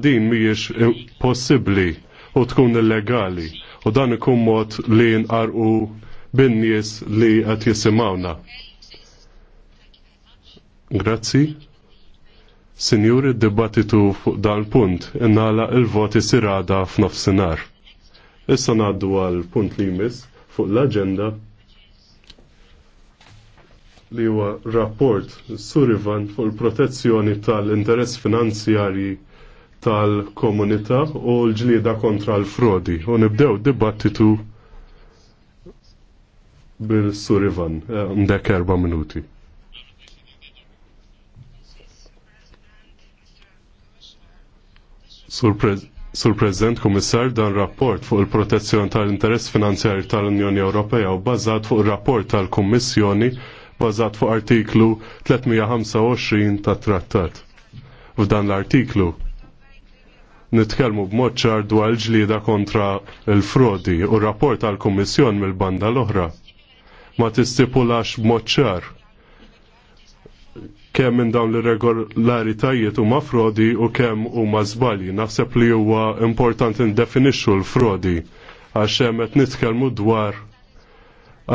din miex possibli u tkun illegali u dan ikun mod li nqarqu bin-nies li qed jisimawna. Grazzi. Sinjuri d-dibattitu fuq dan punt innala il-voti sirada f'nofsinhar. Issa ngħaddu għal punt li jmiss fuq l-aġenda li huwa rapport Surivan fuq il-protezzjoni tal-interess finanzjarji tal-komunità u l-ġlieda kontra l-frodi. U nibdew dibattitu bil-Surivan, mdek eh, erba minuti. Sur, President Komissar dan rapport fuq il-protezzjoni tal-interess finanzjari tal-Unjoni Ewropea u bażat fuq il-rapport tal-Kommissjoni bażat fuq artiklu 325 tat-trattat. F'dan l-artiklu nitkellmu b'mod ċar dwar ġlida kontra l-frodi u rapport tal kummissjon mill-banda l-oħra. Ma tistipulax b'mod ċar kemm minn dawn l-irregolaritajiet huma frodi u kemm huma żbalji. Naħseb li huwa importanti ndefinixxu l-frodi għax hemm qed nitkellmu dwar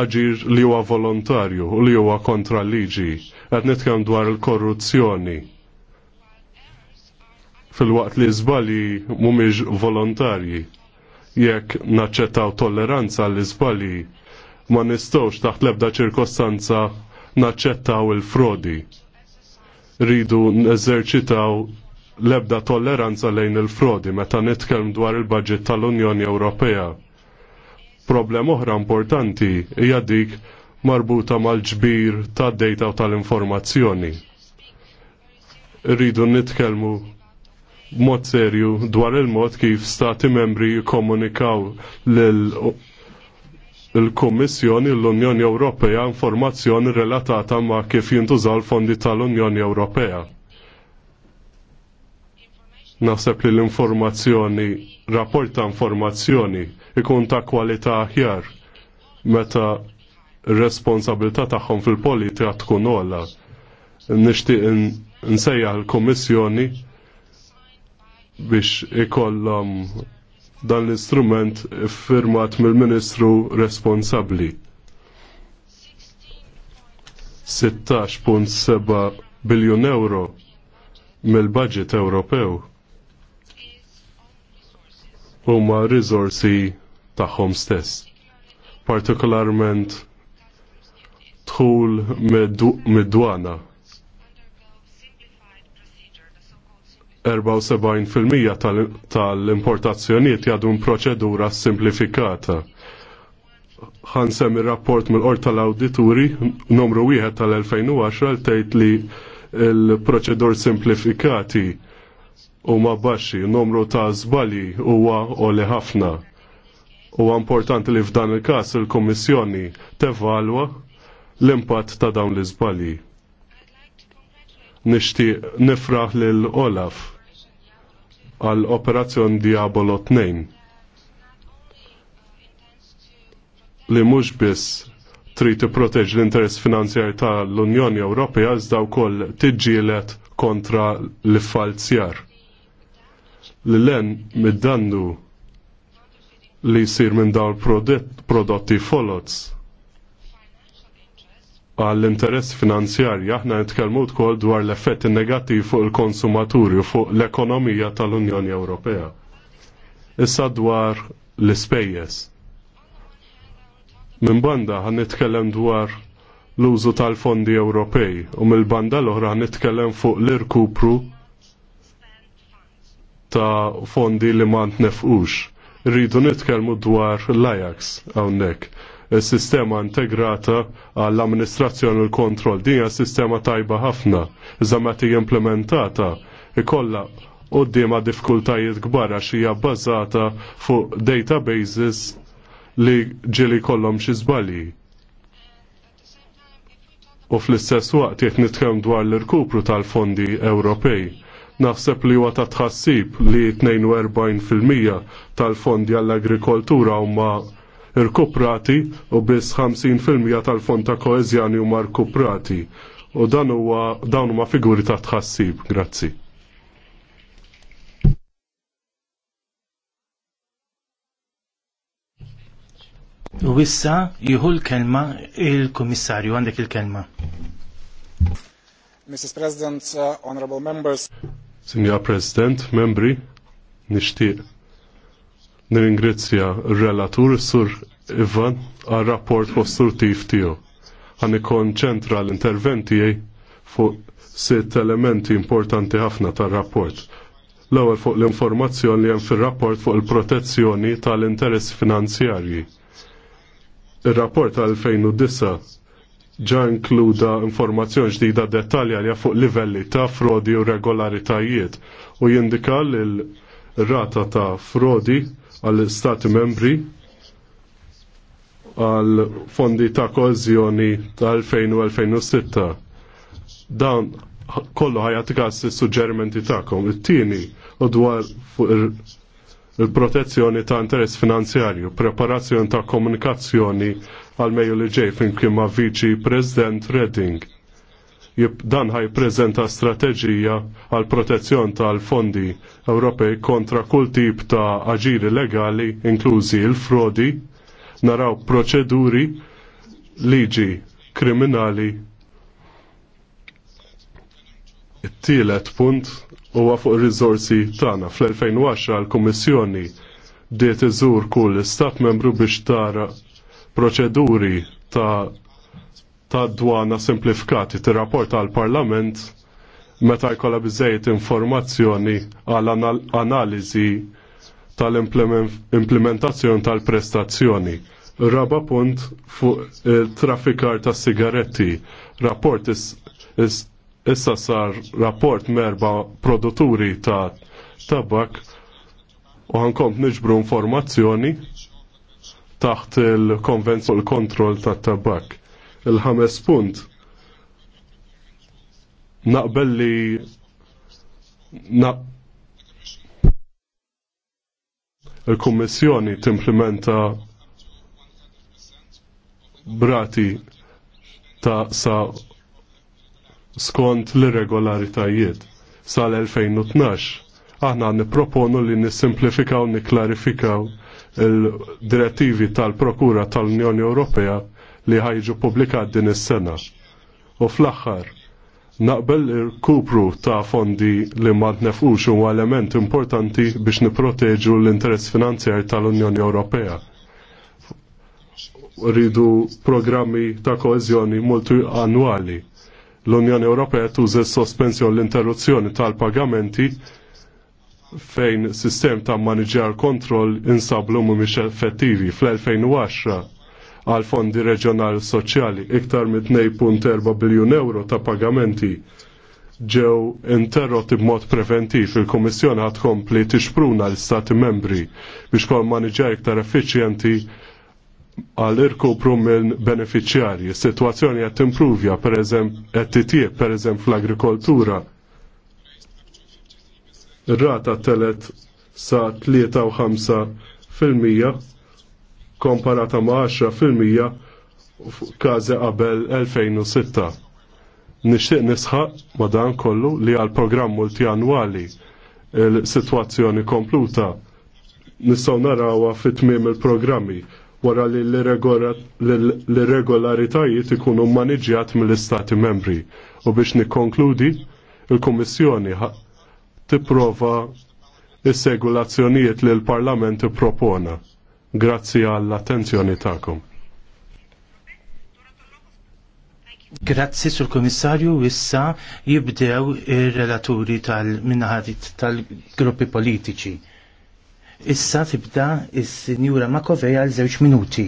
aġir li huwa volontarju u li huwa kontra liġi Qed nitkellmu dwar il-korruzzjoni fil-waqt li zbali mumiġ volontarji. Jekk naċċettaw tolleranza l zbali ma nistawx taħt lebda ċirkostanza naċċettaw il-frodi. Ridu neżerċitaw lebda tolleranza lejn il-frodi meta nitkellm dwar il-budget tal-Unjoni Ewropea. Problem oħra importanti hija dik marbuta mal-ġbir tad-dejta u tal-informazzjoni. Rridu nitkellmu mod serju dwar il-mod kif stati membri jikkomunikaw l komissjoni l-Unjoni Ewropea informazzjoni relatata ma kif jintużaw l-fondi tal-Unjoni Ewropea. Naħseb li l-informazzjoni, rapport ta' informazzjoni ikun ta' kwalità aħjar meta responsabilità tagħhom fil-politika tkun ola. Nixtieq insejjaħ l kummissjoni biex ikollom dan l-istrument firmat mill-ministru responsabli. 16.7 biljun euro mill-budget Ewropew huma rizorsi tagħhom stess. Partikolarment tħul mid-dwana. Med 74% tal-importazzjoniet tal jadun proċedura simplifikata. Ħansem il-rapport mill qorta tal-Awdituri numru 1 tal-2010 tgħid li l-proċedur simplifikati huma baxxi, numru ta' żbali huwa oli ħafna. Huwa importanti li f'dan il-każ il-Kummissjoni tevalwa l-impatt ta' dawn l-iżbali nixtieq nifraħ lil Olaf għal operazzjon Diabolo 2 li mhux biss trid tipproteġ l-interess finanzjar tal-Unjoni Ewropea iżda wkoll tiġġielet kontra l-falzjar. L-len mid-dannu li jsir minn dawn prodotti folots għall-interess finanzjarji aħna nitkellmu wkoll dwar l effetti negattiv fuq il-konsumaturi u fuq l-ekonomija tal-Unjoni Ewropea. Issa dwar l-ispejjeż. Minn banda ħan nitkellem dwar l-użu tal-fondi Ewropej u mill-banda l-oħra ħan nitkellem fuq l-irkupru ta' fondi li ma ntnefqux. Rridu nitkellmu dwar l-Ajax hawnhekk sistema integrata għall-amministrazzjoni u l-kontroll. Din hija sistema tajba ħafna, iżda meta implementata ikolla qoddima diffikultajiet kbar għax hija bbażata fuq databases li ġili kollhom xi żbalji. U fl-istess waqt jek nitkellem dwar l-irkupru tal-fondi Ewropej naħseb li huwa ta' tħassib li 42% tal-fondi għall-agrikoltura huma Rkuprati u biss 50% tal-fond ta' koezjani huma rkuprati. U dan huwa dawn huma figuri ta' tħassib. Grazzi. U issa jieħu l-kelma il-Kummissarju għandek il-kelma. Mrs. President, uh, Honorable Members. Signor President, membri, nixtieq Nirringrazzja r-relatur Sur Ivan għal rapport kostruttiv tiegħu. Għan ikkonċentra l-interventi fuq sitt elementi importanti ħafna tar-rapport. L-ewwel fuq l-informazzjoni li hemm fir-rapport fuq il-protezzjoni tal-interess finanzjarji. Ir-rapport tal-2009 ġa inkluda informazzjoni ġdida dettalja fuq livelli ta' frodi u regolaritajiet u jindika l-rata ta' frodi għal stati membri għal fondi ta' kozjoni ta' 2000 u 2006. Dan kollu ħajat għas il-sugġerimenti ta'kom. It-tieni u dwar il-protezzjoni ta' interess finanzjarju, preparazzjoni ta' komunikazzjoni għal mejju li ġej finkim ma' viċi President Redding dan ħaj prezenta strateġija għal protezzjon tal-fondi Ewropej kontra kull tip ta' aġiri legali, inklużi il-frodi, naraw proċeduri, liġi kriminali. It-tielet punt huwa fuq ir-riżorsi tagħna. Fl-2010 l-Kummissjoni diet iżur kull stat membru biex tara proċeduri ta' ta' dwana simplifikati tir-rapport għal-Parlament meta jkollha biżejjed informazzjoni għal analiżi tal-implementazzjoni tal-prestazzjoni. Raba punt fuq eh, traffikar ta' sigaretti. Rapport is, is, issa sar rapport merba produtturi ta' tabak u għankomt niġbru informazzjoni taħt il konvenzjon kontrol kontroll ta' tabak il-ħames punt. Naqbel li na il-Kummissjoni timplementa brati ta' sa' skont l-irregolaritajiet sal-2012. Aħna niproponu li nissimplifikaw niklarifikaw il-direttivi tal-Prokura tal-Unjoni Ewropea li ħajġu publikat din is-sena. U fl-aħħar, naqbel il-kupru ta' fondi li ma tnefqux u element importanti biex niproteġu l-interess finanzjar tal-Unjoni Ewropea rridu programmi ta' koezjoni multi annuali. L-Unjoni Ewropea tuża sospensjon l-interruzzjoni tal-pagamenti fejn sistem ta' maniġjar kontroll insablu mhumiex effettivi fl-2010 għal fondi reġjonal soċjali iktar minn 2.4 biljun euro ta' pagamenti ġew interrotti b'mod preventiv il kummissjoni ħad kompli tixpruna l-Stati membri biex kol maniġer iktar effiċjenti għal irkupru minn beneficjarji. Situazzjoni qed impruvja qed titjieb pereżemp fl-agrikoltura. Ir-rata telet sa 53 fil-mija komparata ma' 10% f'każi qabel 2006. Nixtieq nisħaq madan kollu li għal programm multianwali il-sitwazzjoni kompluta nistgħu narawha fit-tmiem il-programmi wara li l-irregolaritajiet ikunu maniġjat mill-Istati membri. U biex nikkonkludi, il-Kummissjoni tipprova is-segulazzjonijiet li l-Parlament ippropona. Grazzi għall-attenzjoni ta'kom. Grazzi sul komissarju issa jibdew ir-relaturi tal-minnaħarit tal-gruppi politiċi. Issa tibda is-sinjura Makovej għal żewġ minuti.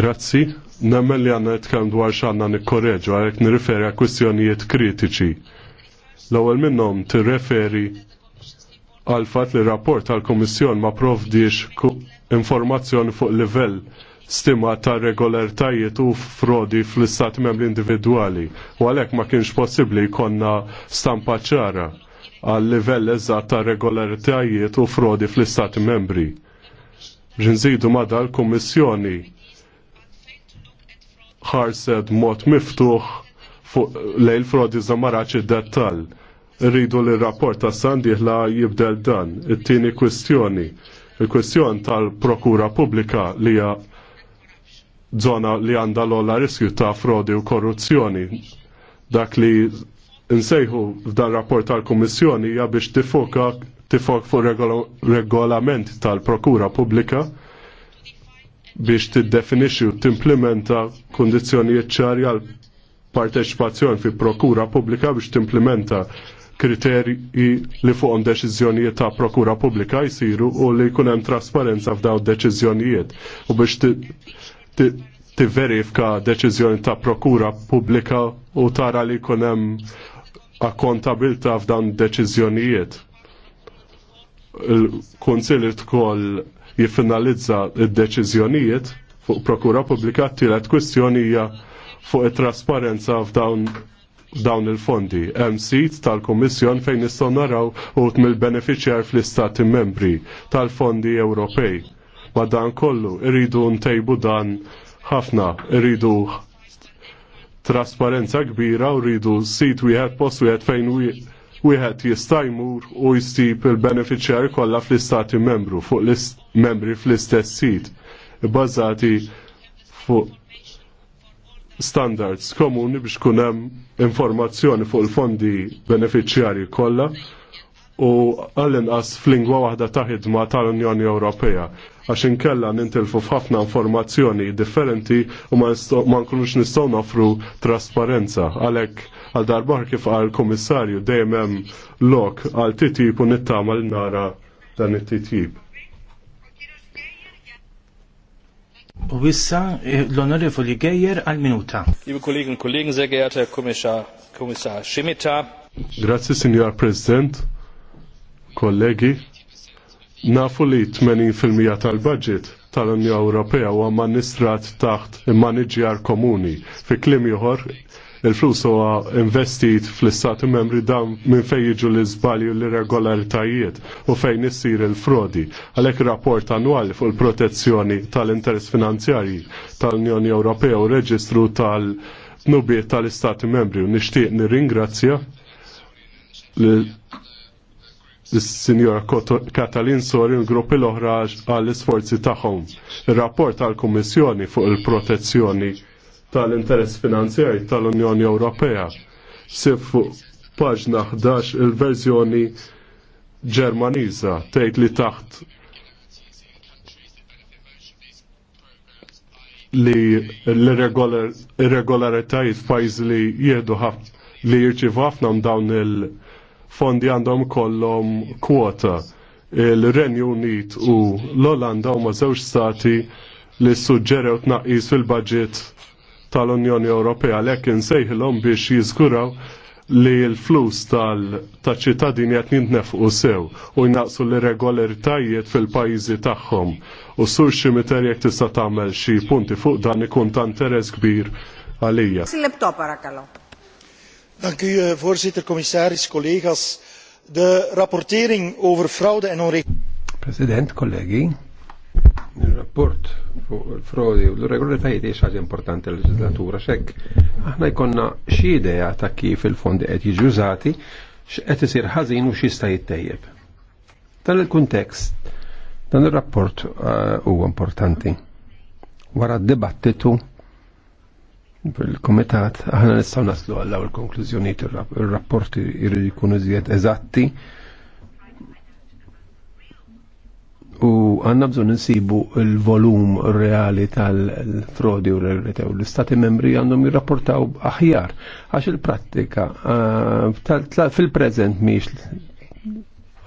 Grazzi, nemmen li għanna jitkan dwar xanna nikkorreġu għalek nirriferi għal kwistjonijiet kritiċi. L-ewwel minnhom tirreferi għal fat li rapport tal komissjon ma provdix informazzjoni fuq livell stima ta' regolartajiet u frodi fl-istat membri individuali u għalek ma kienx possibli jkonna stampa ċara għal livell eżatt ta' regolaritajiet u frodi fl-istat membri. Ġinżidu mada l komissjoni ħarsed mod miftuħ fuq lejl frodi zamaraċ id-dettal rridu li rapport ta' sandiħla jibdel dan. It-tieni kwestjoni, il-kwestjon tal-prokura pubblika li hija zona li għandha l-olla riskju ta' frodi u korruzzjoni. Dak li nsejħu f'dan rapport tal-Kummissjoni hija biex tifoka tifok fuq regolament tal-Prokura Pubblika biex tiddefinixxi u timplementa kundizzjonijiet ċari għal parteċipazzjoni fi Prokura Pubblika biex timplementa kriterji li fuqhom deċiżjonijiet ta' prokura pubblika jsiru u li jkun hemm trasparenza f'daw deċiżjonijiet u biex tiverifika deċizjoni ta' prokura pubblika u tara li jkun hemm akkontabilta f'dawn deċiżjonijiet. Il-Kunsill tkoll jiffinalizza d deċiżjonijiet fuq prokura publika, t-tielet kwistjoni hija fuq it-trasparenza f'dawn dawn il-fondi. Hemm sit tal-Kummissjon fejn nistgħu naraw ut mill-beneficjar fl-istati membri tal-fondi Ewropej. Ma dan kollu irridu ntejbu dan ħafna, irridu trasparenza kbira u rridu sit wieħed post wieħed fejn wieħed jista' jmur u jsib il-beneficjar kollha fl-istati membru fuq l membri fl-istess sit. Bazzati fuq standards komuni biex kunem informazzjoni fuq il-fondi beneficjari kollha u għall-inqas fl-lingwa waħda ta' ħidma tal-Unjoni Ewropea għax inkella nintilfu f'ħafna informazzjoni differenti u ma nkunux nistgħu nofru trasparenza. Għalhekk għal darbar kif għal komissarju dejjem hemm lok għal titjib u nittama l nara dan it-titjib. U issa eh, l-onorevoli Gejer għal minuta. Liebe Kolleginnen und Kollegen, sehr geehrter Kommissar, Kommissar Schimita. Grazie, Signor President, kollegi. Nafu li 80% tal-budget tal-Unja Ewropea u amministrat taħt maniġjar komuni. Fi klim ieħor il-flus huwa investit fl-istati membri dan minn fejn jiġu l-iżbalji u l-irregolaritajiet u fejn issir il-frodi. Għalhekk rapport annwali fuq il-protezzjoni tal-interess finanzjarji tal-Unjoni Ewropea u reġistru tal-nubiet tal-istati membri u nixtieq nirringrazzja il-Sinjora Katalin Sori u gruppi l-oħra għall isforzi tagħhom. Ir-rapport tal-Kummissjoni fuq il-protezzjoni tal-interess finanzjari tal-Unjoni Ewropea. Sif fuq paġna 11 il-verżjoni Ġermaniża tgħid li taħt li l-irregolaritajiet f'pajjiż li jieħdu li jirċivu ħafna dawn il-fondi għandhom kollhom kwota. Il-Renju Unit u l-Olanda huma żewġ stati li ssuġġerew tnaqqis fil-budget tal-Unjoni Ewropea lek insejħilhom biex jiżguraw li l-flus tal-ċittadini qed jintnefqu sew u jnaqsu l-irregolaritajiet fil-pajjiżi tagħhom. U sur xi miter jekk tista' tagħmel xi punti fuq dan ikun ta' interess kbir għalija. Dank u, eh, voorzitter, commissaris, collega's. De rapportering over fraude en onrecht. President, collega's. Il-rapport fuq il-frodi u l-regolatajiet hija xaġa importanti l-leġislatura xekk. Aħna jkollna xi idea ta' kif il-fondi qed jiġu użati, x'qed isir ħażin u x'jista' jittejjeb. Dan il-kuntekst, dan ir-rapport uh, huwa importanti. Wara d-dibattitu fil-komitat aħna nistgħu naslu għal il konklużjonijiet ir-rapporti jridu jkunu eżatti u għanna bżon nsibu il-volum reali tal-frodi u l-retew. L-istati membri għandhom jirrapportaw aħjar għax il-prattika eh, fil-prezent miex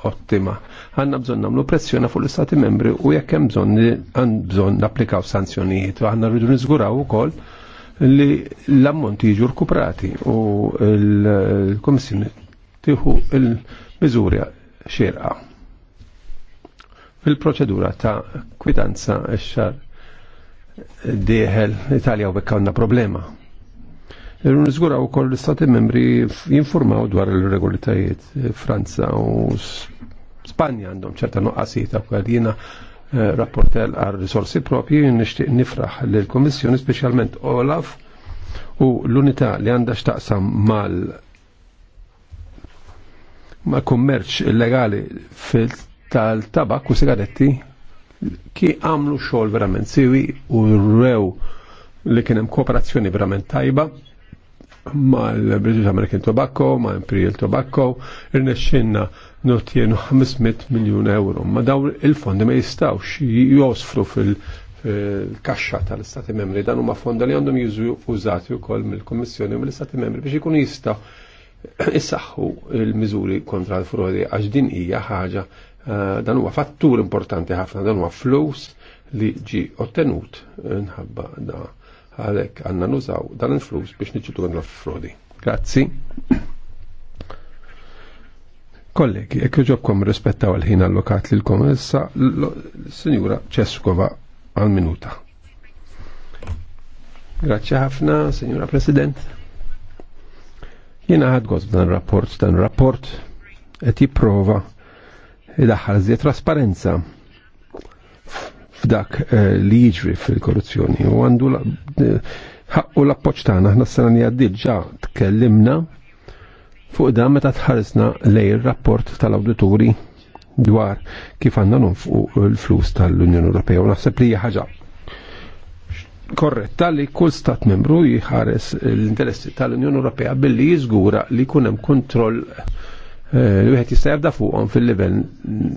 ottima. Għanna bżon namlu pressjona fuq l-istati membri u jekk hemm bżon għan bżon napplikaw sanzjonijiet u għanna rridu niżguraw ukoll li l-ammont jiġu rkuprati u l-Komissjoni tieħu il-miżuri xerqa fil-proċedura ta' kwitanza x-xar diħel Italja u bekkawna problema. Zgura u koll l-istati membri jinformaw dwar il-regolitajiet Franza u Spanja għandhom ċerta nuqqasijiet ta' għadina eh, rapportel għal risorsi propji nishtiq nifraħ l-Komissjoni specialment Olaf u l-unità li għandha xtaqsam mal ma' kummerċ illegali fil tal-tabak u sigaretti ki għamlu xogħol verament siwi u rew li kien hemm kooperazzjoni verament tajba mal British American Tobacco, ma' Imperial Tobacco, irnexxinna notjenu 500 miljun euro. Ma daw il-fondi ma jistawx josfru fil-kaxxa tal-Istati Membri. Dan huma fondi li għandhom jużu użati wkoll mill-Kummissjoni u mill-Istati Membri biex ikun jistgħu issaħħu l-miżuri kontra l-frodi għax din hija ħaġa Eh, dan huwa fattur importanti ħafna, dan huwa flus li ġi ottenut nħabba da għalek għanna nużaw dan il-flus biex nċitu għan l-frodi. Grazzi. Kollegi, ekk ġobkom rispettaw għal-ħin allokat li l-kom, issa l-Sinjura Ċeskova għal-minuta. Grazzi ħafna, Signora President. Jena ħad dan rapport, dan rapport, et jiprofa idaħħal zi trasparenza f'dak eh, li jiġri fil-korruzzjoni u għandu ħakku l-appoċ tagħna aħna s-sena li għaddil tkellimna fuq dan meta tħaresna lej rapport tal-awdituri dwar kif għandna fuq l-flus tal-Unjoni Ewropea u naħseb li ħaġa korretta li kull stat membru jħares l-interessi tal-Unjoni Ewropea billi jiżgura li jkun hemm kontroll Eh, wieħed jista' jabda fuqhom fil-livell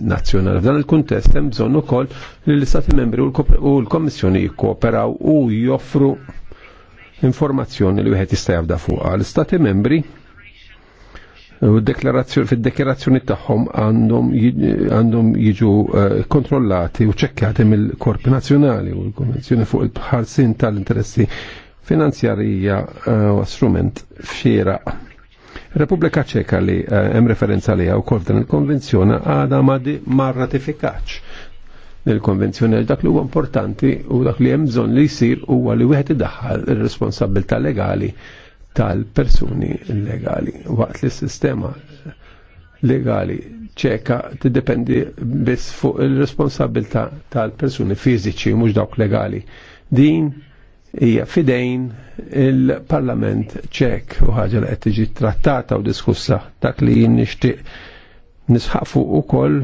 nazzjonali. F'dan il-kuntest hemm bżonn ukoll li l-Istati membri u l-Kommissjoni jikkooperaw u joffru informazzjoni li wieħed jista' jabda fuqha. L-Istati membri u fid deklarazzjoni tagħhom għandhom jiġu eh, kontrollati u ċekkjati mill-korpi nazzjonali u l-Konvenzjoni fuq il-ħarsin tal-interessi finanzjarija eh, u strument fxieraq Repubblika Ċeka li eh, hemm referenza li u kol dan il-konvenzjoni għadha ma rratifikax il-konvenzjoni għal dak li huwa importanti u dak li hemm bżonn li jsir huwa li wieħed idaħħal ir-responsabilità legali tal-persuni legali waqt li s-sistema legali ċeka tiddependi biss fuq il-responsabilità tal-persuni fiżiċi mhux dawk legali. Din hija fidejn il-Parlament ċek u ħaġa li qed tiġi trattata u diskussa dak li jien nixtieq nisħaq fuq ukoll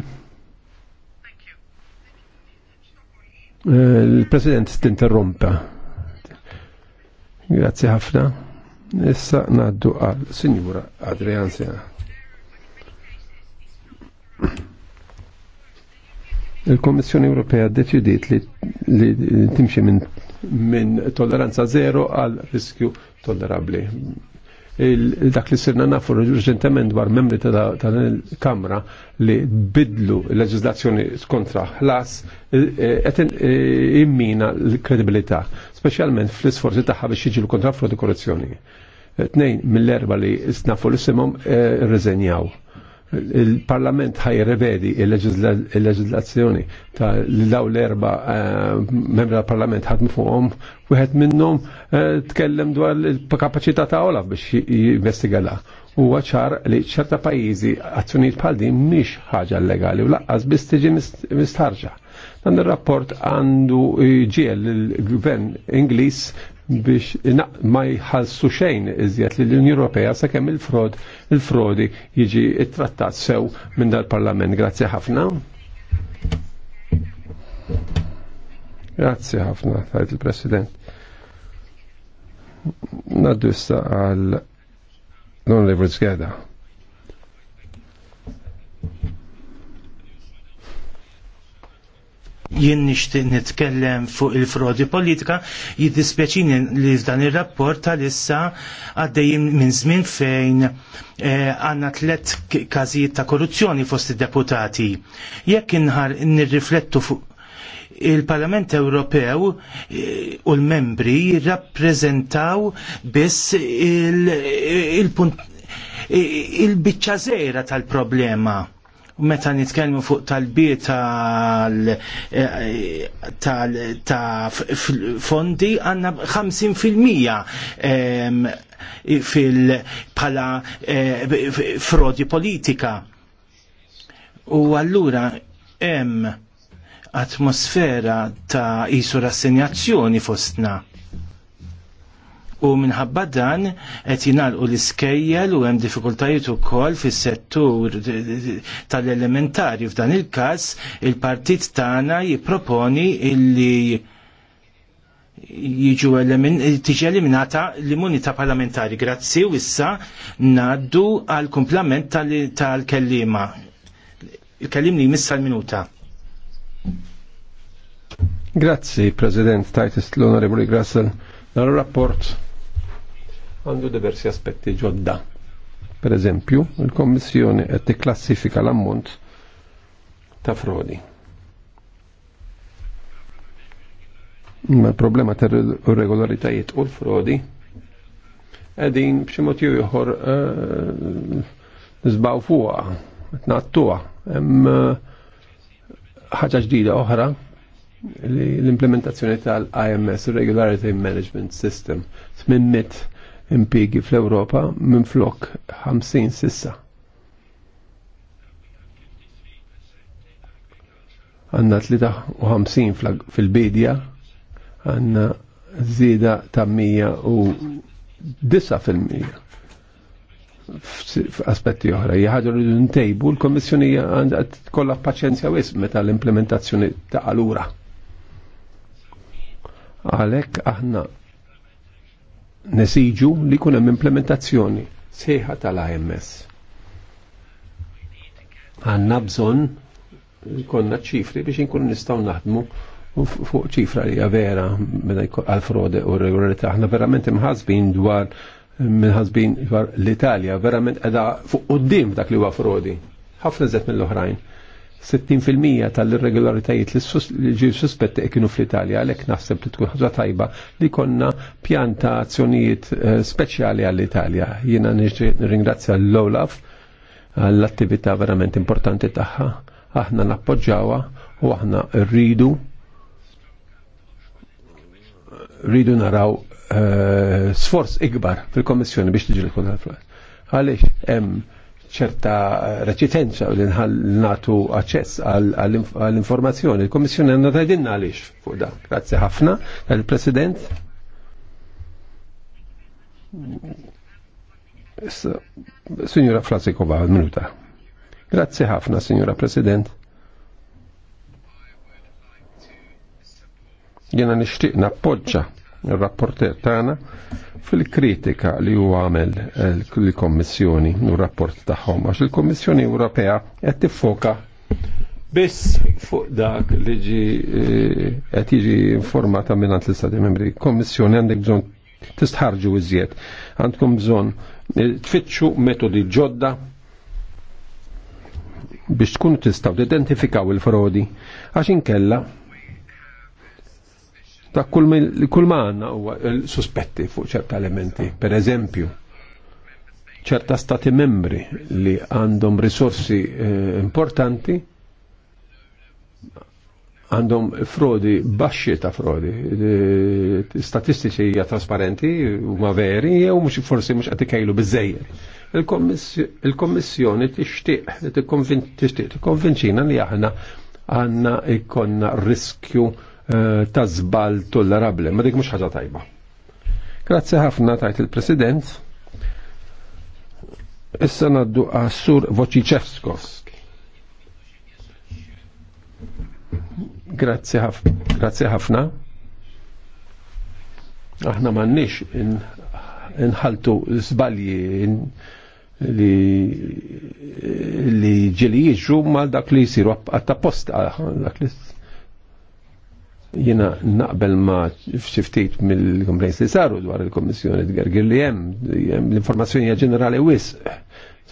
eh, il-President tinterrompa. Grazzi ħafna. Issa naddu għal Sinjura Adrian Sena. Il-Kommissjoni Ewropea deċidiet li, li timxi minn min tolleranza zero għal riskju tollerabli. Dak li sirna nafu reġentament dwar membri tal-Kamra li bidlu leġizlazzjoni kontra ħlas e, e, e, immina l-kredibilità, specialment fl-isforzi tagħha biex jiġi l-kontra frodi korruzzjoni. Tnejn mill-erba li snafu l-isimhom rreżenjaw il-parlament ħaj revedi il-leġizlazzjoni ta' daw l-erba eh, membra tal-parlament ħadmu fuqhom wieħed minnhom eh, tkellem dwar il-kapaċità ta' Olaf biex jinvestigala. Huwa ċar li ċerta pajjiżi azzjonijiet bħal din mhix ħaġa legali u laqqas biss tiġi mistarġa. Dan ir-rapport għandu ġiel il-gvern Ingliż biex ma jħalsu xejn iżjed li l-Unjoni Ewropea sakemm il-frod il-frodi jiġi ittrattat sew minn dal-Parlament. Grazzi ħafna. Grazzi ħafna, tajt il-President. Naddu issa għal non onorevole Zgeda. jien nixtieq nitkellem fuq il-frodi politika, jiddispjaċini li f'dan ir-rapport tal-issa għaddejjin minn żmien fejn eh, għanna tlet tliet każijiet ta' korruzzjoni fost id-deputati. Jekk inħar nirriflettu fuq il-Parlament Ewropew eh, u l-membri jirrappreżentaw biss il-punt il-bicċa zera tal-problema meta nitkellmu fuq talbiet eh, ta' fondi għandna 50% fil-bħala eh, frodi politika. U allura hemm atmosfera ta' isu rassenjazzjoni fostna u minħabba dan qed jingħalqu l-iskejjel u hemm diffikultajiet ukoll fis-settur tal-elementarju f'dan il-każ il-partit tagħna jipproponi illi jiġu tiġi eliminata l-immunità parlamentari. Grazzi u issa ngħaddu għal kumplament tal-kellima. Il-kellim li jmissa l-minuta. Grazzi, President Titus l-Onorevoli Grassel. Dan il rapport għandu diversi aspetti ġodda. Per eżempju, il-Kommissjoni qed tikklassifika l-ammont ta' frodi. Ma problema ta' irregolaritajiet u l-frodi edin b'ximot ju juħor eh, nizbaw fuqa, nattuqa. Hemm eh, ħaġa ġdida oħra l-implementazzjoni tal-IMS, Regularity Management System, 800 impigi fl-Europa minn flok 50 sissa. Għanna 53 fil-bidja, għanna zida ta' 109 fil-mija f'aspetti oħra. Jħadu rridu ntejbu, l komissjoni għandha kollha paċenzja wisq meta l-implementazzjoni ta' allura. Għalek aħna nesiġu li kunem implementazzjoni sħiħa tal-AMS. Għanna bżon konna ċifri biex nkunu nistaw naħdmu fuq ċifra li vera għal-frode u regolarità. Aħna verament imħazbin dwar minħazbin dwar l-Italja, verament edha fuq qoddim dak li huwa frodi. Ħafna zet mill-oħrajn. 60% tal-irregolaritajiet li ġi suspetti e kienu fl-Italja, għalhekk naħseb li tkun ħaġa tajba li konna pjanta azzjonijiet eh, speċjali għall-Italja. Jiena nirringrazzja l-Olaf għall-attività verament importanti tagħha. Aħna nappoġġawha u aħna rridu rridu naraw eh, sforz ikbar fil-Kommissjoni biex tiġi l-kol Għalix, hemm ċerta eh, reċitenza li nħal natu għacċess għall-informazzjoni. il komissjoni għanna tajdinna għalix fuq da. Grazie ħafna għal president Signora Frasikova, minuta. Grazie ħafna, Signora President. Jena nishtiq nappoġġa il-rapporter tana fil-kritika li u għamel eh, l-Kommissjoni u rapport tagħhom għax il-Kommissjoni Ewropea qed tiffoka biss fuq dak li ġi eh, qed jiġi informata mingħand l-Istati Membri. Kommissjoni għandek bżonn tistħarġu iżjed. Għandkom bżonn eh, tfittxu metodi ġodda biex tkunu tistgħu tidentifikaw il-frodi għax inkella ta' kull ma' għanna huwa suspetti fuq ċerta elementi. Per eżempju, ċerta stati membri li għandhom risorsi eh, importanti għandhom frodi, baxxi ta' frodi, eh, statistiċi hija trasparenti, huma veri, jew mhux forsi mhux qed ikejlu biżejjed. Il-Kommissjoni tixtieq tixtieq tikkonvinċina li aħna għandna ikonna riskju Eh, ta' żball tollerabli, ma dik mhux ħaġa tajba. Grazzi ħafna tajt il-President. Issa naddu għassur Vociċevskos. Grazzi ħafna. Grazzi ħafna. Aħna m'għandniex inħaltu żbalji li li ġeli jiġu mal dak li jisiru għatta post dak li jina naqbel ma ftit mill-komplejns li saru dwar il-Kommissjoni gergir li hemm l-informazzjoni ġenerali wis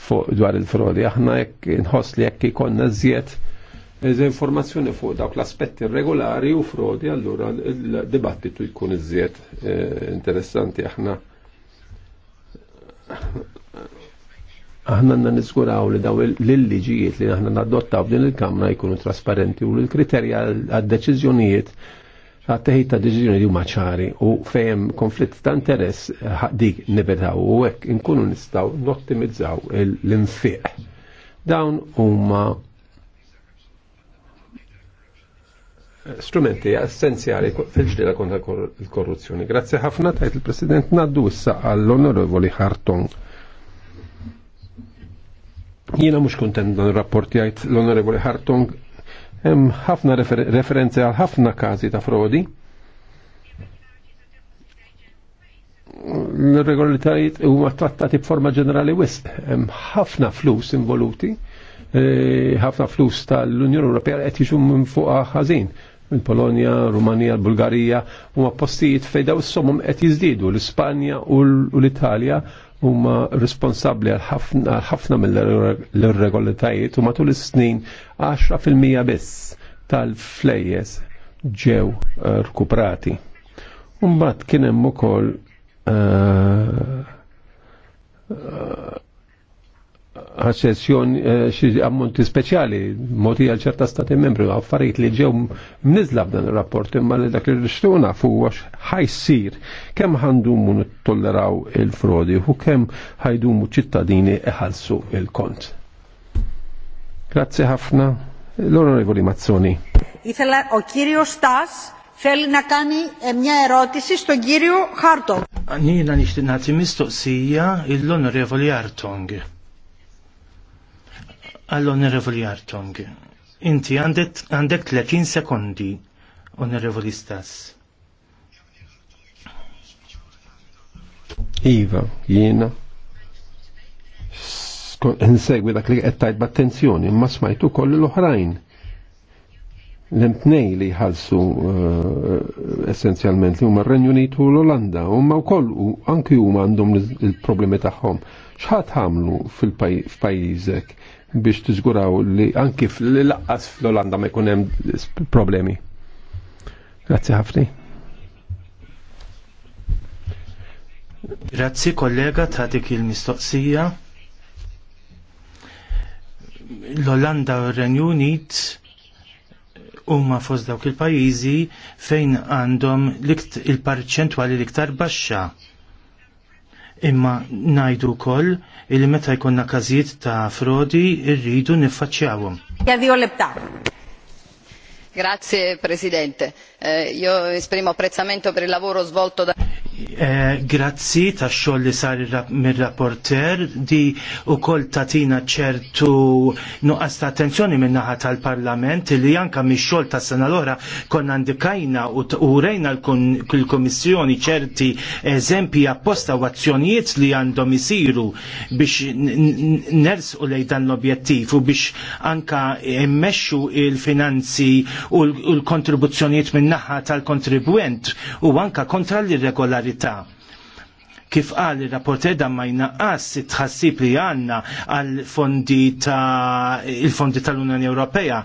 fuq dwar il-frodi. Aħna jekk nħoss li jekk ikonna żjed informazzjoni fuq dawk l-aspetti regolari u frodi, allura il-dibattitu jkun iżjed eh, interessanti aħna aħna għanna nizguraw li daw l-liġijiet li aħna naddottaw din il-Kamra jkunu trasparenti u l-kriterja għad-deċizjonijiet għad teħid ta' deċizjoni li huma ċari u fejem konflitt ta' interess dik nibedaw u hekk inkunu nistgħu nottimizzaw l-infiq. Dawn huma strumenti essenzjali fil-ġdida kontra l-korruzzjoni. Grazzi ħafna tajt il-President naddu issa għall-Onorevoli Hartong. Jiena mhux kuntent dan ir-rapport jgħid l-Onorevoli Hartong hemm ħafna refer referenzi għal ħafna każi ta' frodi. L-regolitajiet huma trattati b'forma ġenerali wisq, hemm ħafna flus involuti, e, ħafna flus tal-Unjoni Ewropea qed jiġu minn fuq ħażin il-Polonja, Rumanija, l-Bulgarija, huma postijiet fejn daw s-sommum qed jiżdiedu l-Ispanja u l-Italja huma responsabbli għal ħafna mill-irregolitajiet u matul is-snin 10% biss tal-flejjes ġew eh, rkuprati. Mbagħad kien hemm ukoll eh, eh, għasessjoni eh, xi ammonti speċjali, moti għal ċerta stati membri, għaffariet li ġew mnizla b'dan il-rapport, imma li dak li rixtuna nafu għax ħajsir, kem għandumu nittolleraw il-frodi u kem ħajdumu ċittadini iħalsu il-kont. Grazie ħafna, l-onorevoli Mazzoni. Ήθελα ο κύριος Στάς θέλει να κάνει μια ερώτηση στον κύριο Χάρτογκ. Nina nishtin nati mistoqsija l-onorevoli Hartong. Għall-Onorevoli Artong, inti għandek 30 sekondi, Onorevoli Stas. Iva, jiena. Nsegwi dak li qed b'attenzjoni, imma smajtu koll l-oħrajn. L-imtnej li jħallsu eh, essenzjalment li huma r-Renju Unitu u l-Olanda, huma wkoll anki huma għandhom il-problemi tagħhom. X'ħadd ħamlu fil-pajjiżek biex tiżguraw li anki fl-laqqas fl-Olanda ma jkun hemm problemi. Grazzi ħafna. Grazzi kollega ta' dik il-mistoqsija. L-Olanda u r-Renju Unit huma fost dawk il-pajjiżi fejn għandhom il-parċentwali l-iktar baxxa Imma najdu kol il meta jkonna kazijiet ta' frodi irridu niffaċċjawhom. Jadio lebta. Grazie Presidente, eh, io esprimo apprezzamento per il lavoro svolto da... Eh, grazzi ta' xoll li sar mir-rapporter di u koll tina ċertu nuqqas ta' attenzjoni minnaħat tal-parlament li janka mi xoll ta' sena l-ora konna ndikajna u rejna l-komissjoni ċerti eżempi apposta u azzjonijiet li għandhom isiru biex ners u lej dan l-objettiv u biex anka immexxu il-finanzi u l-kontribuzzjonijiet minnaħa tal-kontribwent u anka kontra l-irregolari solidarjetà kif qal il-rapporter dan ma jnaqqas it-tħassib li għanna għal fondi ta' il-fondi tal-Unjoni Ewropea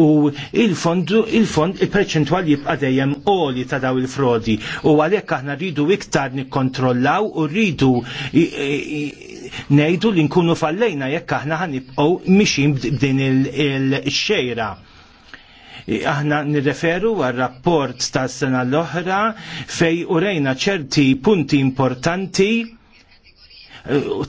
u il-fond il-fond il-perċentwal jibqa' dejjem qoli ta' daw il-frodi u għalhekk aħna rridu iktar nikkontrollaw u rridu ngħidu li nkunu fallejna jekk aħna ħanibqgħu mixin b'din il-xejra. il xejra aħna nirreferu għal rapport tas sena l-oħra fej urejna ċerti punti importanti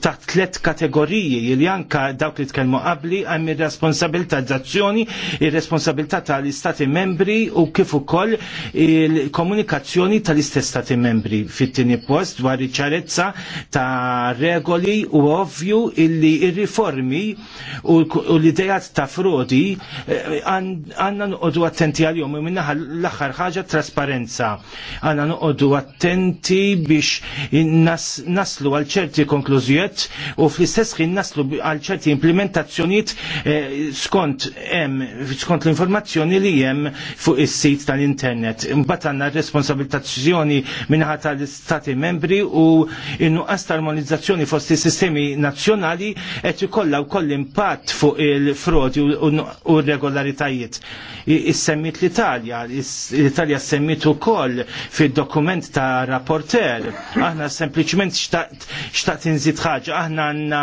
ta' tlet kategoriji li anka dawk li tkellmu qabli għam ir-responsabilità d-azzjoni, ir-responsabilità tal-istati membri u kif ukoll il-komunikazzjoni tal-istess stati membri fit-tieni post dwar iċarezza ta' regoli u ovvju illi ir-riformi u l-idejat ta' frodi eh, għandna noqogħdu attenti għal-jom u minnaħa l-aħħar ħaġa trasparenza. Għandna noqogħdu attenti biex naslu għal ċerti konklużjiet u fl-istess ħin naslu għal ċerti implementazzjonijiet eh, skont hemm skont l-informazzjoni li hemm fuq is-sit tal-internet. Imbagħad għandna responsabilizzazzjoni minħa tal-istati membri u n nuqqas tal-armonizzazzjoni fost is-sistemi nazzjonali qed ikollha wkoll impatt fuq il-frodi u r-regolaritajiet. Is-semmit l-Italja, l-Italja semmit ukoll fid-dokument ta' rapporter. Aħna sempliċement xtaqt inżid ħaġa, aħna għanna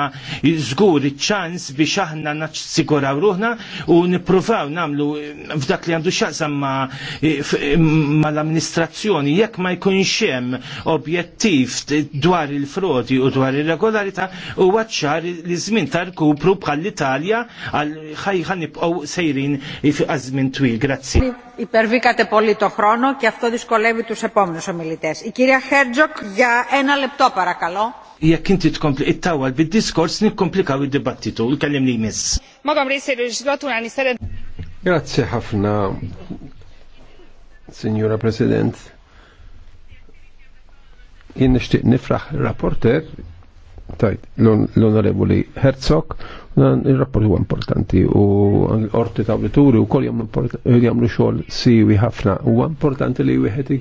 żgur iċ-ċans biex aħna naċsiguraw ruħna u nippruvaw namlu eh, f'dak li għandu xaqsa ma eh, eh, l-amministrazzjoni jekk ma jkunxem objettiv dwar il-frodi u dwar il-regolarita u ċar li zmin ta' rkupru bħall-Italja għal ħajħan nibqgħu sejrin għazmin twil. Grazie. Υπερβήκατε πολύ το χρόνο και αυτό δυσκολεύει τους επόμενους ομιλητές. Η κυρία Χέρτζοκ για ένα λεπτό παρακαλώ. Jekk inti tkompli it-tawal bid-diskors nikkomplikaw id-dibattitu u kellimni jmiss. Magam rejser gratulani sered. Grazie ħafna, Signora President. Jien nishtiq nifraħ rapporter tajt l-onorevoli Herzog, il-rapport huwa importanti u orti ta' awdituri u kol jamlu xogħol siwi ħafna. Huwa importanti li wieħed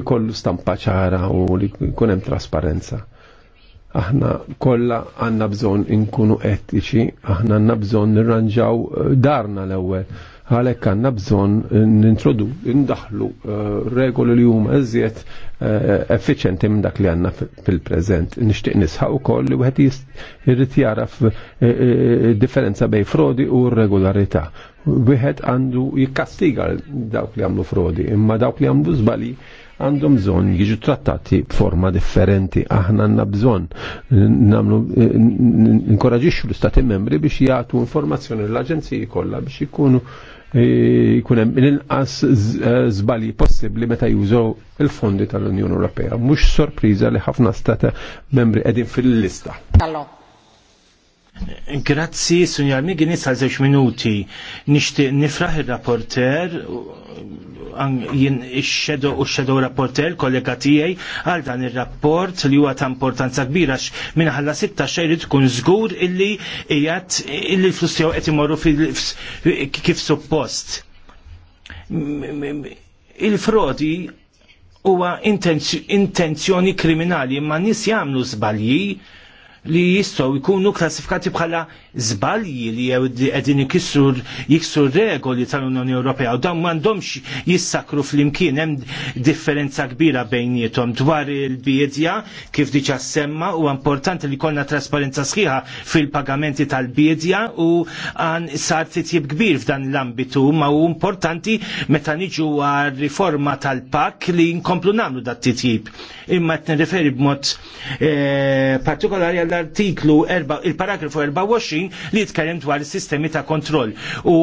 ikollu stampa ċara u li jkun hemm trasparenza aħna kollha għandna bżonn inkunu etiċi, aħna għandna bżonn nirranġaw eh, darna l-ewwel. Għalhekk għandna bżonn eh, nintrodu, ndaħlu eh, regoli li huma iżjed effiċenti minn dak li għandna fil-preżent. Nixtieq u ukoll li wieħed jrid jaraf differenza bejn frodi u regolarità. Wieħed għandu jikkastiga dawk li għamlu frodi, imma dawk li għamlu zbali għandhom bżonn jiġu trattati b'forma differenti. Aħna għandna bżonn namlu inkoraġixxu eh, l-istati membri biex jagħtu informazzjoni l-aġenziji kollha biex ikunu eh, jkun hemm l-inqas eh, żbali possibbli meta jużaw il-fondi tal-Unjoni Ewropea. Mhux sorpriża li ħafna stata membri qegħdin fil-lista. Grazzi, Sunjar Migi, nisa zeċ minuti. Nishti nifraħ il-rapporter, jien il-xedo u xedo rapporter, kollega tijaj, għal dan il-rapport li huwa ta' importanza kbira minn ħalla sitta xejri tkun zgur illi jgħat illi l-flus tijaw għet imorru kif suppost. Il-frodi huwa intenzjoni kriminali, ma nis jagħmlu żbalji li jistgħu jkunu klassifikati bħala żbalji li qegħdin ikissru jiksru regoli tal-Unjoni Ewropea u dawn m'għandhomx jissakru flimkien hemm differenza kbira bejnietom dwar il-bidja kif diġà semma u importanti li kollna trasparenza sħiħa fil-pagamenti tal-bidja u għan sar titjib kbir f'dan l-ambitu ma u importanti meta niġu għal riforma tal-pak li nkomplu nagħmlu dat titjib imma qed nirriferi b'mod eh, partikolari għall-artiklu il-paragrafu 24 li jitkellem dwar is-sistemi ta' kontroll u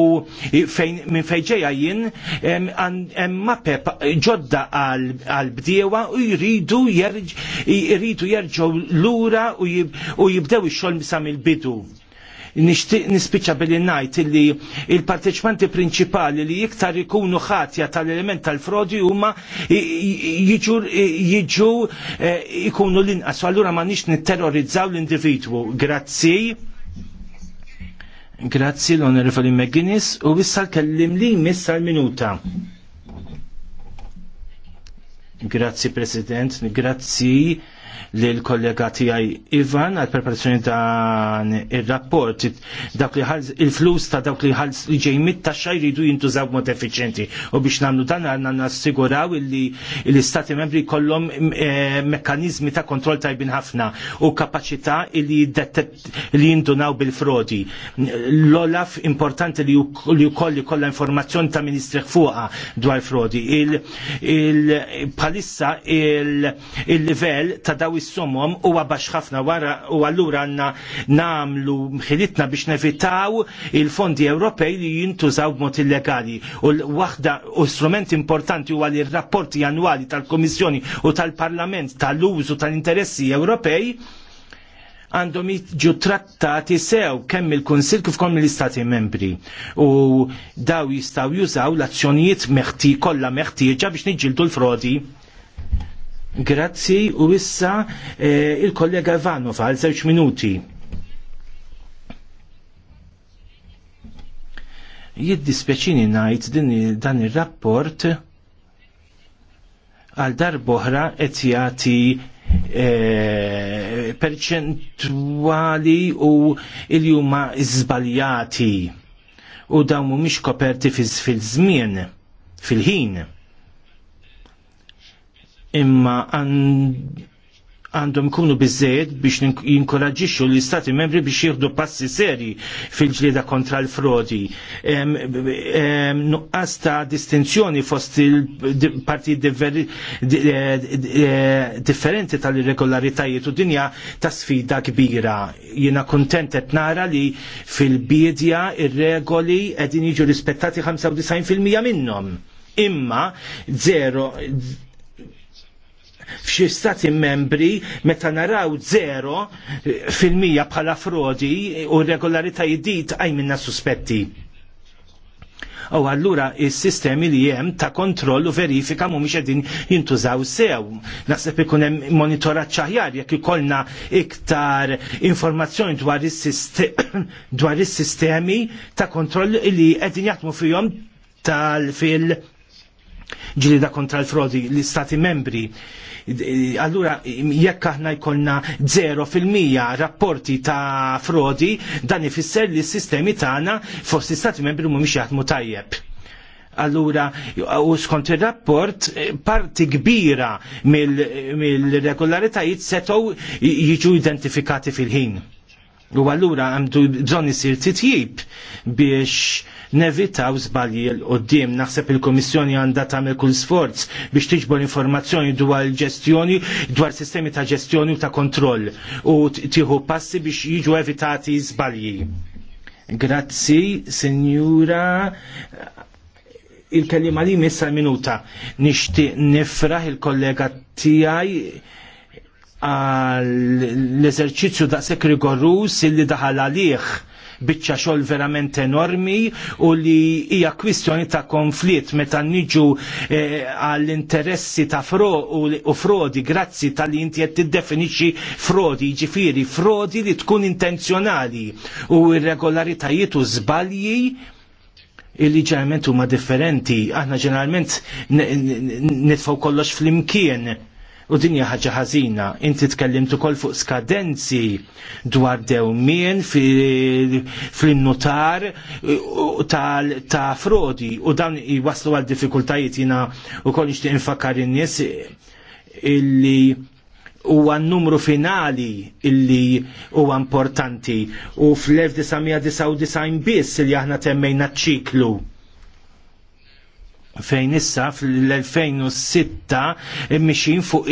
fejn minn fejn ġejja jien hemm mapep ġodda għal-bdiewa u jridu jirġu jerġgħu lura u jibdew ix-xogħol sa mill-bidu nixtieq nispiċċa billi ngħid illi il-parteċipanti prinċipali li iktar ikunu ħatja tal-element tal-frodi huma jiġu jiġu eh, ikunu l-inqas. Allura nix nitterrorizzaw l-individwu. Grazzi. Grazzi l-Onorevoli McGuinness u issa kellim li missa l-minuta. Grazzi President, grazzi li l-kollega tijaj Ivan għal preparazzjoni dan il-rapport dak li il-flus ta' dawk li ħals li ġejmit ta' jridu jintużaw mod effiċenti u biex namlu dan għanna nassiguraw li l-istati membri kollom eh, mekkanizmi ta' kontrol tajbin ħafna u kapacità li jindunaw bil-frodi. L-Olaf importanti li u kolli kolla informazzjoni ta' ministri fuqa dwar frodi. Il-palissa il-level ta' daw is-summom huwa baxx ħafna wara u allura għandna nagħmlu mħilitna biex nevitaw il-fondi Ewropej li jintużaw b'mod illegali. U waħda u strument importanti huwa li r-rapporti annwali tal-Komissjoni u tal-Parlament tal-użu tal-interessi Ewropej għandhom jiġu trattati sew kemm il-Kunsil kif ukoll l-Istati membri. U daw jistaw jużaw l-azzjonijiet meħti kollha meħtieġa biex niġġieldu l-frodi Grazzi u issa eh, il-kollega Ivanov għal żewġ minuti. Jiddispeċini ngħid din dan ir-rapport għal darboħra qed jagħti eh, perċentwali u il-juma zbaljati u dawn mhumiex koperti fil-żmien fil-ħin imma għandhom kunu bizzejed biex jinkoraġixxu l-istati membri biex jieħdu passi seri fil-ġlieda kontra l-frodi. Nuqqas ta' distinzjoni fost il partijiet eh, eh, differenti tal-irregolaritajiet u dinja ta' sfida kbira. Jiena kontent nara li fil-bidja ir-regoli qegħdin jiġu rispettati 95% minnhom. Imma zero f'xi stati membri meta naraw zero eh, fil-mija bħala frodi u regolaritajiet dit għajminna suspetti. U allura il-sistemi li jem ta' kontroll u verifika mu qegħdin jintużaw sew. Naħseb ikun hemm monitorat ċaħjar jekk ikollna iktar informazzjoni dwar is-sistemi ta' kontroll li qegħdin jaħdmu fihom tal-fil- ġilida kontra l-frodi l-istati membri. E, allura, jekk aħna jkollna 0% rapporti ta' frodi, dan ifisser li s-sistemi tagħna fost l-istati membri mhumiex jaħdmu tajjeb. Allura, u skont ir rapport e, parti kbira mill-regolaritajiet setgħu jiġu identifikati fil-ħin U għallura għamdu bżon isir titjib biex nevitaw zbalji l-qoddim. Naħseb il-Komissjoni għandha tagħmel kull sforz biex tiġbor informazzjoni dwar ġestjoni, dwar sistemi ta' ġestjoni u ta' kontroll u tieħu passi biex jiġu evitati zbalji. Grazzi, Signora il-kelima li missa minuta nishti nifraħ il-kollega tijaj l-eżerċizzju daqshekk rigorus illi daħal għalih biċċa xogħol verament enormi u li hija kwistjoni ta' konflitt meta niġu eh, għall-interessi ta' fro u frodi grazzi ta' li inti qed tiddefinixxi frodi, jiġifieri frodi li tkun intenzjonali u irregolaritajiet u żbalji illi ġeneralment huma differenti. Aħna ġeneralment nitfgħu kollox fl-imkien U dinja ħaġa ħażina, inti tkellimtu kol fuq skadenzi dwar dewmien fil-notar ta' frodi u dan jwaslu għal diffikultajiet jina u kol nixtieq infakkar in-nies illi huwa n-numru finali illi huwa importanti u fl-1999 biss li aħna temmejna ċiklu fejn issa fl-2006 mixin fuq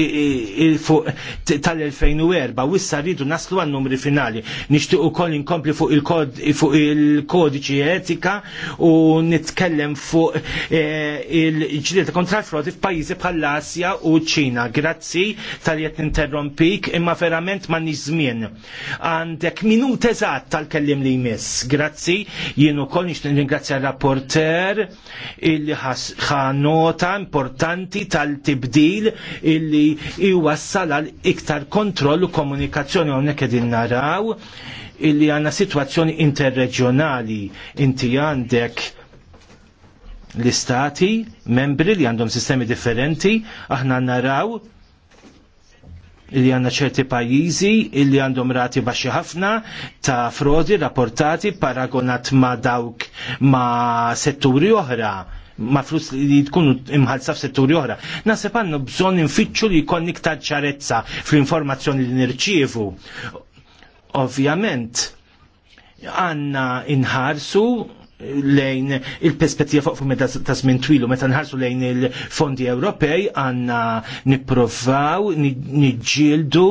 tal-2004 u issa rridu naslu għan numri finali. Nixtieq ukoll inkompli fuq il-kodiċi etika u nitkellem fuq eh, il-ġliet kontra l-frodi f'pajjiżi bħall-Asja u ċina. Grazzi tal-jett interrompik imma verament ma żmien. Għandek minut eżatt tal-kellim li jmiss. Grazzi jien ukoll nixtieq ringrazzja rapporter il-ħas ħa nota importanti tal-tibdil illi iwassal għal iktar kontroll u komunikazzjoni hawnhekk edin naraw illi għandna sitwazzjoni interregjonali inti għandek l-istati membri li għandhom sistemi differenti aħna naraw illi għanna ċerti pajizi illi għandhom rati baxi ħafna ta' frodi rapportati paragonat ma' dawk ma' setturi oħra ma' flus li tkunu imħalsa f'setturi oħra. Nasib għandna bżonn infittxu li jkun iktar ċarezza fl-informazzjoni li nirċievu. Ovvjament, għanna inħarsu lejn il-perspettiva fuq fuq meta ta' żmien twilu meta nħarsu lejn il-fondi Ewropej għandna nippruvaw niġġieldu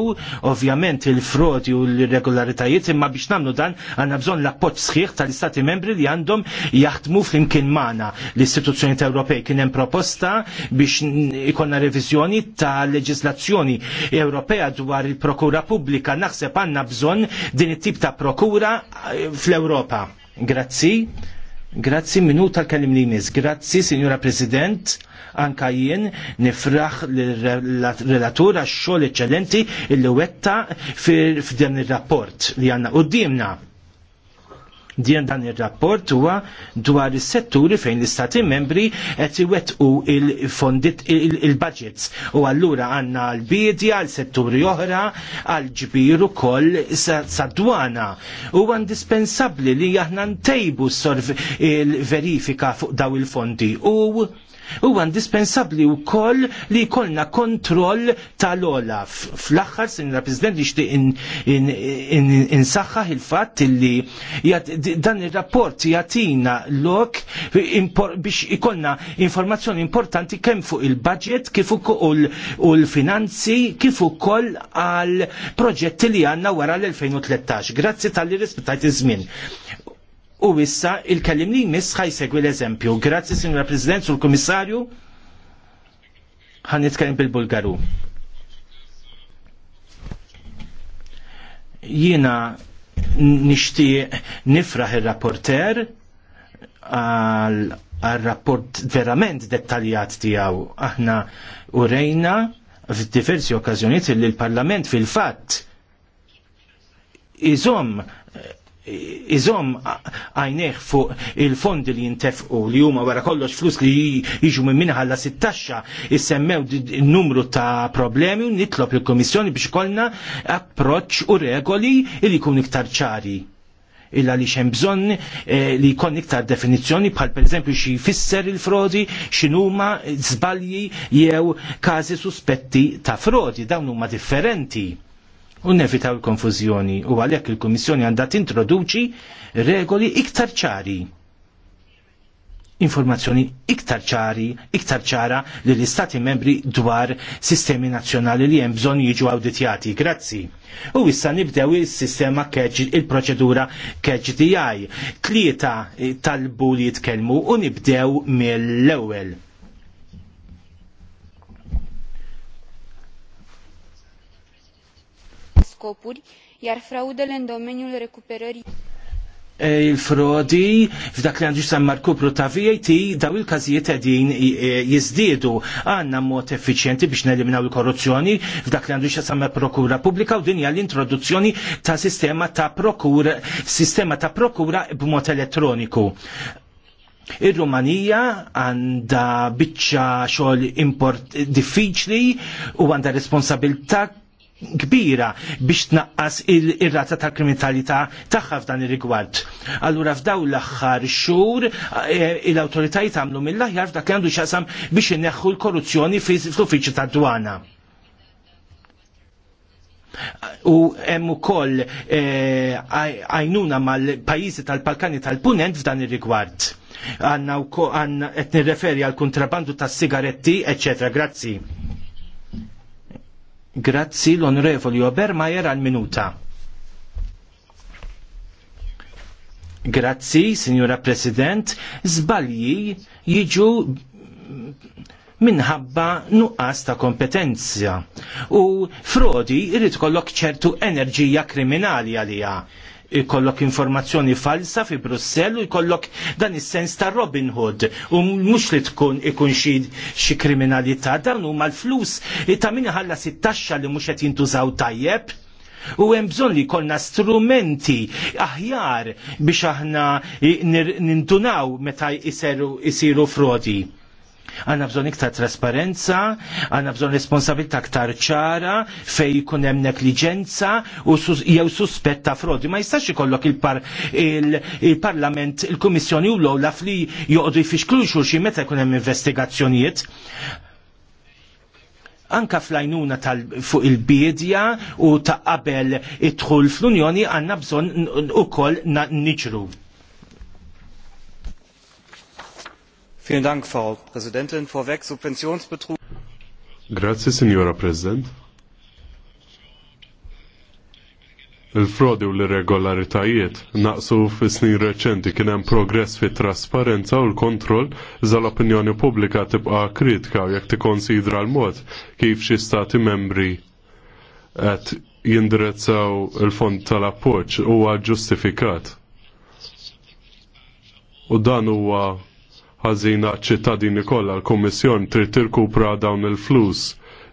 ovvjament il-frodi u l-irregolaritajiet imma biex nagħmlu dan għandna bżonn l-appoġġ sħiħ tal-istati membri li għandhom jaħdmu flimkien magħna l-istituzzjonijiet Ewropej kien hemm proposta biex ikonna reviżjoni ta' leġislazzjoni Ewropea dwar il-prokura pubblika naħseb għandna bżonn din it-tip ta' prokura eh, fl-Ewropa. Grazzi Grazzi minuta kellim li mis. Grazzi, Signora President, anka jien nifraħ l relatura għax xogħol eċċellenti illi wetta f'dan ir-rapport li għandna dimna. Dien dan ir-rapport huwa dwar is-setturi fejn l-istati membri qed iwettqu il-fondit il-budgets u allura għandna l-bidja għal setturi oħra għal ġbir ukoll sadwana. Huwa indispensabbli li aħna ntejbu s-verifika fuq daw il-fondi u Huwa indispensabbli wkoll li jkollna kontroll tal-Olaf. Fl-aħħar sinra President nixtieq insaħħaħ il-fatt li dan ir-rapport jagħtina lok biex ikollna informazzjoni importanti kemm fuq il-budget kif ukoll u l-finanzi kif ukoll għal proġetti li għandna wara l-2013. Grazzi tal-li rispettajt iż-żmien. U issa il-kellim li jmiss ħajsegwi l-eżempju. Grazzi, Signora President, sul Komissarju. Ħan nitkellem bil-Bulgaru. Jiena nixtieq nifraħ ir-rapporter għal rapport verament dettaljat tiegħu. Aħna urejna f'diversi okkażjonijiet li l-Parlament fil-fatt iżom iżom għajneħ fuq il-fondi li jintefqu li huma wara kollox flus li jiġu minn minħalla sittaxxa jissemmew numru ta' problemi u nitlob il-Komissjoni biex kollna approċċ u regoli li jkun iktar ċari illa li xem bżon eh, li jkun iktar definizzjoni bħal per eżempju xi jfisser il-frodi, x'inhuma żbalji jew każi suspetti ta' frodi, dawn huma differenti u nevitaw il-konfuzjoni u għalhekk il-Kummissjoni għandha tintroduċi regoli iktar ċari. Informazzjoni iktar ċari, iktar ċara li l-Istati membri dwar sistemi nazzjonali li hemm bżonn jiġu awditjati. Grazzi. U issa nibdew is-sistema il-proċedura KGDI. Tlieta talbu li jitkellmu u nibdew mill-ewwel. scopuri iar fraudele în domeniul recuperării e, il-frodi f'dak li għandu xsammar kupru ta' VAT daw il-kazijiet għedin jizdiedu għanna mod effiċjenti biex neliminaw il-korruzzjoni f'dak li għandu xsammar prokura pubblika u dinja l-introduzzjoni ta' sistema ta' prokura sistema ta' prokura b'mod elettroniku. Ir-Rumanija għandha biċċa xogħol import diffiċli u għandha responsabilità kbira biex tnaqqas ir-rata ta' kriminalità tagħha f'dan ir-rigward. Allura f'daw l-aħħar xhur eh, l-awtoritajiet għamlu mill-aħjar f'dak li għandu x'asam biex ineħħu l-korruzzjoni fl-uffiċċju tad-dwana. U hemm ukoll eh, għajnuna mal-pajjiżi tal-Balkani tal-Punent f'dan ir-rigward. Għanna qed nirreferi għal kontrabandu tas-sigaretti, eċċetera. Grazzi. Grazzi l-Onorevoli Obermajer għal-minuta. Grazzi, Signora President, zbalji jiġu minħabba nuqqas ta' kompetenzja. U frodi irrid kollok ċertu enerġija kriminali għalija ikollok informazzjoni falsa fi Brussell u jkollok dan is-sens ta' Robin Hood u mhux li tkun ikun xi xi kriminalità dan huma l-flus ta' min ħalla it-taxxa li mhux qed jintużaw tajjeb. U hemm bżonn li jkollna strumenti aħjar biex aħna nintunaw meta jisiru frodi għanna bżon iktar trasparenza, għanna bżon responsabilta aktar ċara fej jkun hemm negliġenza u jew suspett ta' frodi. Ma jistax ikollok il-Parlament, il-Kummissjoni u l-Ola fli joqdu jfixklu xulxin meta jkun hemm investigazzjonijiet anka flajnuna tal fuq il-bidja u ta' qabel t-dħul fl-Unjoni għanna bżon u koll niġru. Grazie, Signora President. Il-frodi u l-irregolaritajiet naqsu fis-snin reċenti kien hemm progress fit trasparenza u l-kontroll iżda l-opinjoni pubblika tibqa' kritika u jekk tikkonsidra l-mod kif xi stati membri qed jindirizzaw il-fond tal-appoġġ huwa ġustifikat. U dan huwa ħażina ċittadini kollha l-Kummissjon trid tirkupra dawn il-flus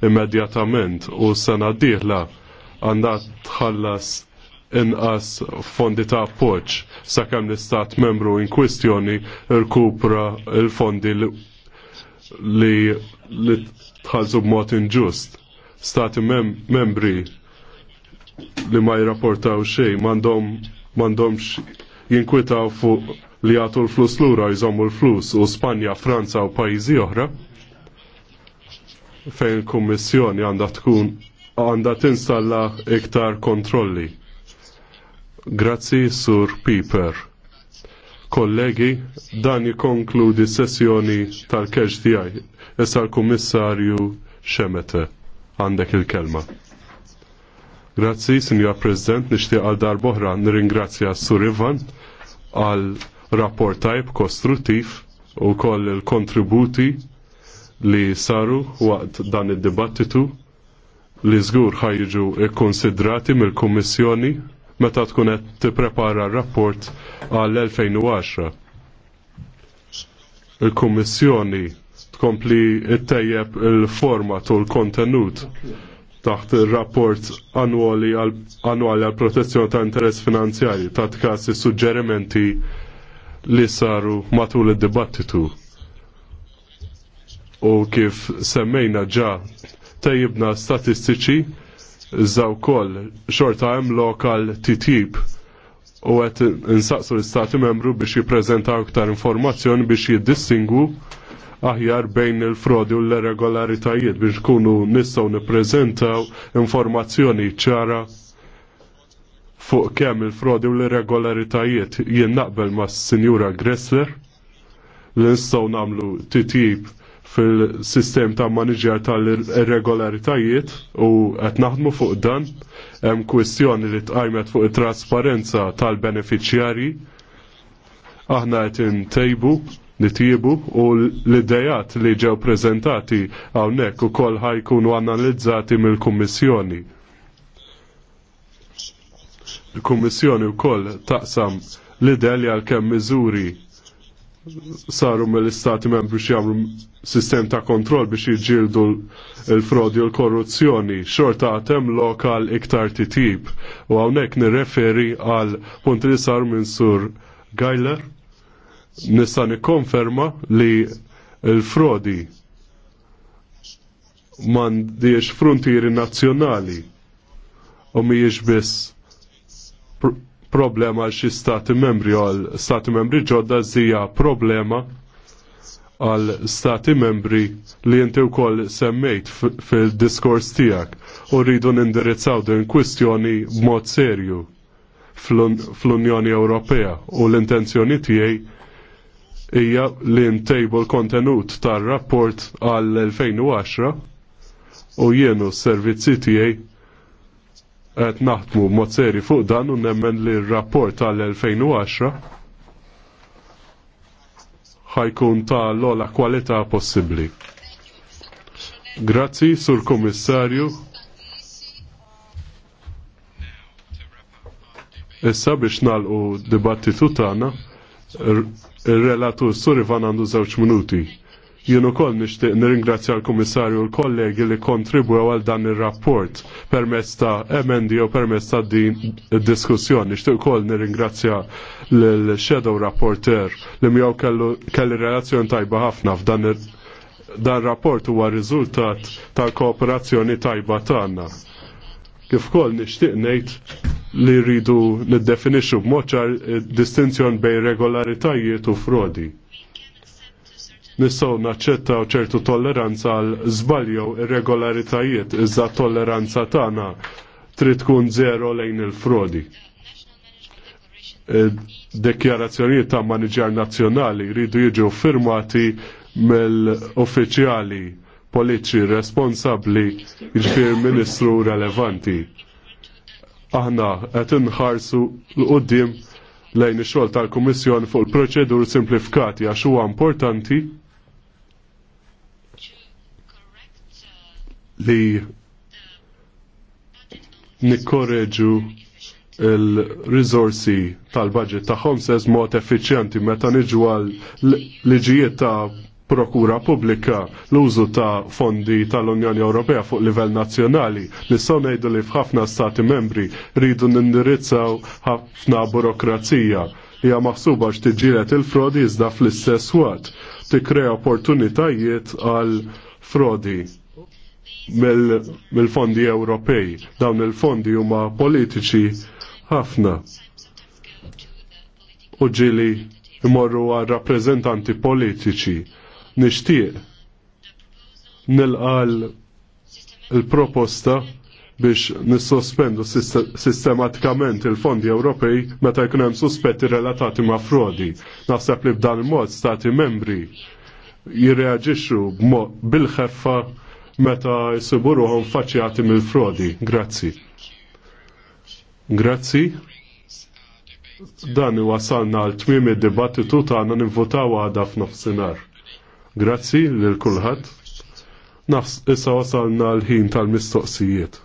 immedjatament u sena d-dieħla għandha tħallas inqas fondi ta' appoġġ sakemm l-istat membru in kwistjoni rkupra il-fondi li li tħallsu b'mod inġust. Stati mem membri li ma jirrapportaw xejn m'għandhomx jinkwitaw fuq li għatu l-flus lura jżommu l-flus u Spanja, Franza u pajizi oħra fejn kummissjoni għandha tkun għanda tinstalla iktar kontrolli. Grazzi sur Piper. Kollegi, dan jikonkludi sessjoni tal-keġ tijaj. Issa l-Kummissarju Xemete għandek il-kelma. Grazzi, Signor President, nixtieq għal darboħra nirringrazzja Sur Ivan għal rapport tajb, kostruttiv u koll il-kontributi li saru waqt dan id-dibattitu li żgur ħajġu konsidrati mill-Kummissjoni meta tkun qed tipprepara r-rapport għal 2010. Il-Kummissjoni tkompli ttejjeb il-format u l-kontenut taħt il-rapport annwali għal protezzjoni ta' interess finanzjari ta' tkassi suġġerimenti li saru matul id-dibattitu. U kif semmejna ġa tajibna statistiċi, zaw kol xorta hemm lokal titjib u għet insaqsu l-Stati membru biex jiprezentaw iktar informazzjoni biex jiddistingu aħjar bejn il-frodi u l-regolaritajiet biex kunu nistaw niprezentaw informazzjoni ċara fuq kemm il-frodi u l-irregolaritajiet jien naqbel ma' Sinjura Gressler li nistgħu nagħmlu titjib fil-sistem ta' maniġer tal-irregolaritajiet u qed naħdmu fuq dan hemm kwistjoni li tqajmet fuq it-trasparenza tal beneficjari aħna qed intejbu nitjibu u l-idejat li ġew prezentati hawnhekk ukoll ħajkunu analizzati mill-Kummissjoni Il-Kummissjoni wkoll taqsam l-idea li għalkemm miżuri saru mill-istati membri biex jagħmlu sistem ta' kontroll biex jiġġieldu l-frodi u l-korruzzjoni xorta għatem lokal iktar titib u hawnhekk nirreferi għal punti li saru minn sur Gajler nista' nikkonferma li l-frodi mandiex frontieri nazzjonali u mhijiex biss problema għal xi stati membri għal stati membri ġodda zija problema għal stati membri li inti wkoll semmejt fil-diskors tiegħek u rridu nindirizzaw din kwistjoni b'mod serju fl-Unjoni Ewropea u l-intenzjoni tiegħi hija li ntejbu l-kontenut tar-rapport għal 2010 u jienu s-servizzi tiegħi qed naħdmu mod seri fuq dan u nemmen li r-rapport tal-2010 ħajkun ta' l-ola kwalità possibbli. Grazzi, Sur Kommissarju. Issa biex nalqu dibattitu tagħna, ir-relatur Sur Ivan għandu żewġ minuti. Jien ukoll nixtieq nirringrazzja l-Kummissarju u l-kollegi li kontribwew għal dan ir-rapport permezz ta' emendi u permezz ta' din id-diskussjoni. Nixtieq ukoll nirringrazzja l-Shadow Rapporter li mjaw kelli relazzjoni tajba ħafna f'dan ir dan rapport huwa riżultat tal-kooperazzjoni tajba tagħna. Kif ukoll nixtieq ngħid li rridu niddefinixxu b'mod ċar distinzjon bejn regolaritajiet u frodi nistgħu naċċettaw ċertu tolleranza għal żball jew irregolaritajiet iżda tolleranza tagħna trid tkun zero lejn il-frodi. Eh, dekjarazzjonijiet ta' Maniġar nazzjonali jridu jiġu firmati mill-uffiċjali politiċi responsabbli il jiġifieri ministru relevanti. Aħna qed inħarsu l-qudiem lejn ix-xogħol tal-Kummissjoni fuq il-proċedur simplifikati għax huwa importanti li nikkorreġu il-rizorsi tal-budget tagħhom sez mod effiċjenti meta niġu għal liġijiet ta' prokura pubblika l-użu ta' fondi tal-Unjoni Ewropea fuq livell nazzjonali. Nistgħu ngħidu li f'ħafna stati membri rridu nindirizzaw ħafna burokrazija hija maħsuba x'tiġġieled il-frodi iżda fl-istess waqt tikkrea opportunitajiet għal frodi mill-fondi mil Ewropej. Dawn il-fondi huma politiċi ħafna. U ġili imorru għal rappreżentanti politiċi. Nixtieq nilqal il-proposta biex nissospendu sistematikament il-fondi Ewropej meta jkun hemm suspetti relatati ma' frodi. Naħseb li b'dan il-mod stati membri jirreaġixxu bil-ħeffa meta jsibu faċi għatim mill-frodi. Grazzi. Grazzi. Dan wasalna għal tmiem id-dibattitu tagħna nivvutaw għada f'nofsinhar. Grazzi lil kulħadd. Nafs issa wasalna l-ħin tal-mistoqsijiet.